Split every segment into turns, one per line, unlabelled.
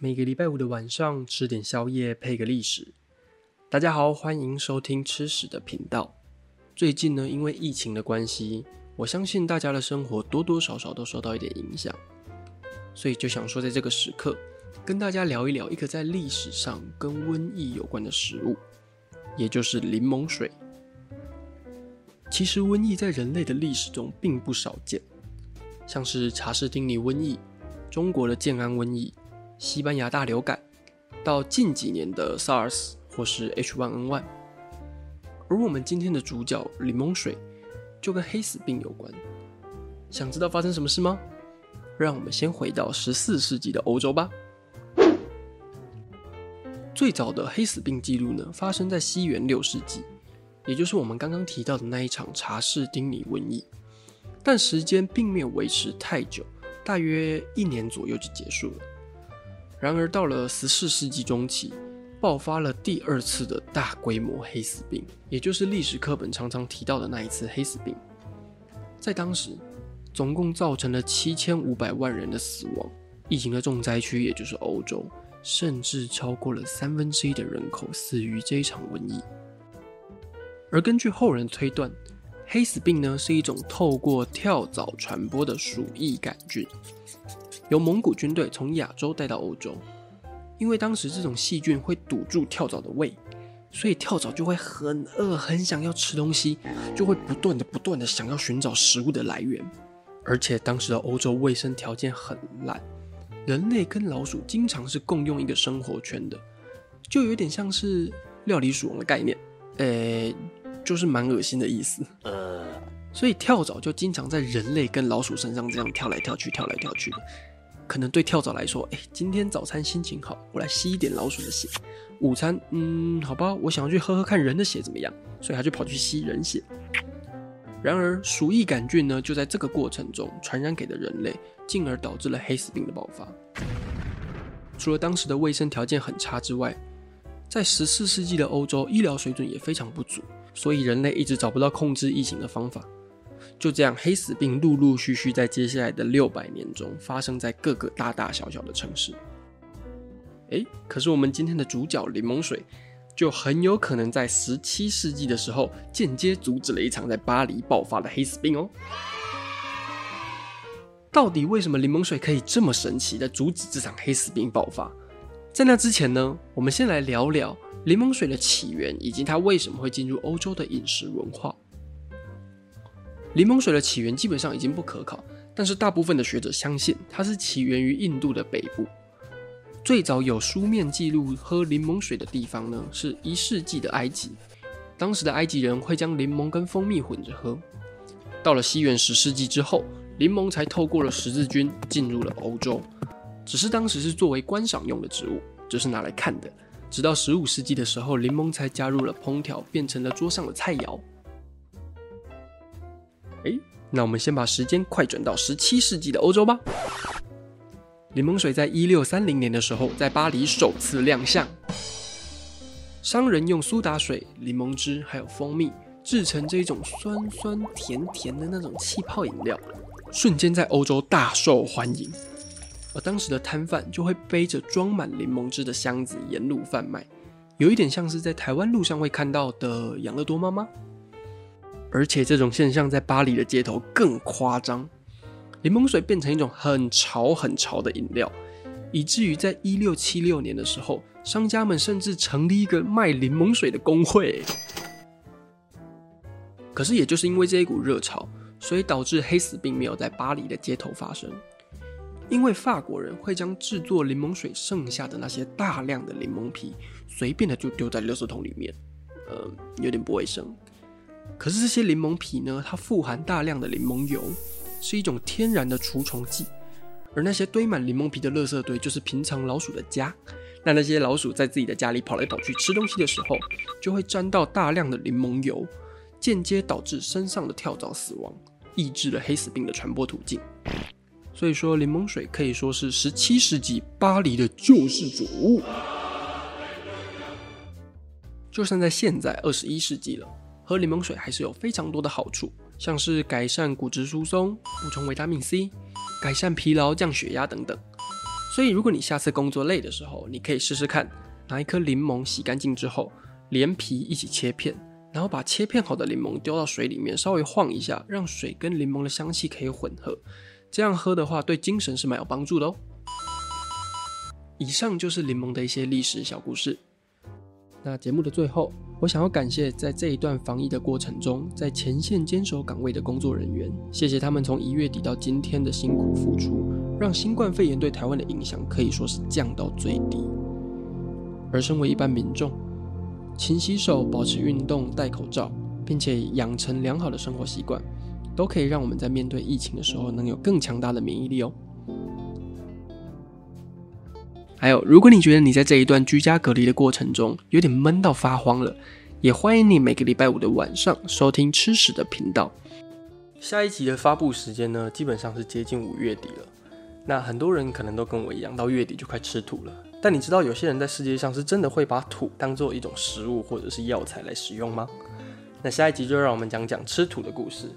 每個禮拜五的晚上吃點宵夜配個歷史。大家好，歡迎收聽吃史的頻道。最近呢，因為疫情的關係，我相信大家的生活多多少少都受到一點影響，所以就想說，在這個時刻，跟大家聊一聊一個在歷史上跟瘟疫有關的食物，也就是檸檬水。其實瘟疫在人類的歷史中並不少見，像是查士丁尼瘟疫、中國的建安瘟疫。西班牙大流感，到近幾年的 SARS 或是 H1N1，而我們今天的主角檸檬水就跟黑死病有關。想知道發生什麼事嗎？讓我們先回到十四世紀的歐洲吧。 最早的黑死病記錄呢，發生在西元六世紀，也就是我們剛剛提到的那一場查士丁尼瘟疫，但時間並沒有維持太久，大約一年左右就結束了。然而，到了十四世紀中期，爆發了第二次的大規模黑死病，也就是歷史課本常常提到的那一次黑死病。在當時，總共造成了七千五百萬人的死亡。疫情的重災區也就是歐洲，甚至超過了三分之一的人口死於這場瘟疫。而根據後人推斷，黑死病呢是一種透過跳蚤傳播的鼠疫桿菌。由蒙古軍隊從亞洲帶到歐洲，因為當時這種細菌會堵住跳蚤的胃，所以跳蚤就會很餓，很想要吃東西，就會不斷的、不斷的想要尋找食物的來源。而且當時的歐洲衛生條件很爛，人類跟老鼠經常是共用一個生活圈的，就有點像是料理鼠王的概念，呃、欸，就是蠻惡心的意思。呃，所以跳蚤就經常在人類跟老鼠身上這樣跳來跳去，跳來跳去的。可能對跳蚤來說，哎，今天早餐心情好，我來吸一點老鼠的血。午餐，嗯，好吧，我想要去喝喝看人的血怎麼樣，所以他就跑去吸人血。然而，鼠疫桿菌呢，就在這個過程中傳染給了人類，進而導致了黑死病的爆發。除了當時的衛生條件很差之外，在14世紀的歐洲，醫療水準也非常不足，所以人類一直找不到控制疫情的方法。就這樣，黑死病陸陸續續在接下來的六百年中發生在各個大大小小的城市。誒、欸，可是我們今天的主角檸檬水就很有可能在十七世紀的時候間接阻止了一場在巴黎爆發的黑死病哦。啊、到底為什麼檸檬水可以這麼神奇地阻止這場黑死病爆發？在那之前呢，我們先來聊聊檸檬水的起源以及它為什麼會進入歐洲的飲食文化。檸檬水的起源基本上已經不可考，但是大部分的學者相信它是起源於印度的北部。最早有書面記錄喝檸檬水的地方呢，是一世紀的埃及。當時的埃及人會將檸檬跟蜂蜜混着喝。到了西元十世紀之後，檸檬才透過了十字軍進入了歐洲，只是當時是作為觀賞用的植物，這、就是拿來看的。直到十五世紀的時候，檸檬才加入了烹調，變成了桌上的菜肴。誒，那我們先把時間快轉到十七世紀的歐洲吧。檸檬水在一六三零年的時候，在巴黎首次亮相。商人用蘇打水、檸檬汁還有蜂蜜制成這種酸酸甜甜的那種氣泡飲料，瞬間在歐洲大受歡迎。而當時的攤販就會背着裝滿檸檬汁的箱子沿路販賣，有一點像是在台灣路上會看到的養樂多媽媽。而且這種現象在巴黎的街頭更誇張，檸檬水變成一種很潮很潮的飲料，以至於在一六七六年的時候，商家們甚至成立一個賣檸檬水的工會。可是，也就是因為這一股熱潮，所以導致黑死病沒有在巴黎的街頭發生，因為法國人會將制作檸檬水剩下的那些大量的檸檬皮，隨便的就丟在垃圾桶裡面，呃，有點不衛生。可是這些檸檬皮呢？它富含大量的檸檬油，是一種天然的除蟲劑。而那些堆滿檸檬皮的垃圾堆，就是平常老鼠的家。那那些老鼠在自己的家裡跑來跑去吃東西的時候，就會沾到大量的檸檬油，間接導致身上的跳蚤死亡，抑制了黑死病的傳播途徑。所以說，檸檬水可以說是十七世紀巴黎的救世主物。啊、就算在現在二十一世紀了。喝檸檬水還是有非常多的好處，像是改善骨質疏鬆、補充維他命 C、改善疲勞、降血壓等等。所以，如果你下次工作累的時候，你可以試試看，拿一顆檸檬洗乾淨之後，連皮一起切片，然後把切片好的檸檬丟到水裡面，稍微晃一下，讓水跟檸檬的香氣可以混合。這樣喝的話，對精神是蠻有幫助的哦。以上就是檸檬的一些歷史小故事。那節目的最後。我想要感謝在這一段防疫的過程中，在前線堅守崗位的工作人員，謝謝他們從一月底到今天的辛苦付出，讓新冠肺炎對台灣的影響可以說是降到最低。而身為一般民眾，勤洗手、保持運動、戴口罩，並且養成良好的生活習慣，都可以讓我們在面對疫情的時候能有更強大的免疫力哦。還有，如果你覺得你在這一段居家隔離的過程中有點悶到發慌了，也歡迎你每個禮拜五的晚上收聽吃史的頻道。下一集的發布時間呢，基本上是接近五月底了。那很多人可能都跟我一樣，到月底就快吃土了。但你知道有些人在世界上是真的會把土當做一種食物或者是藥材來使用嗎？那下一集就讓我們講講吃土的故事。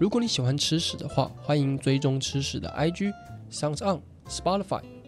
如果你喜歡吃史的話，歡迎追蹤吃史的 IG、SoundOn、Spotify。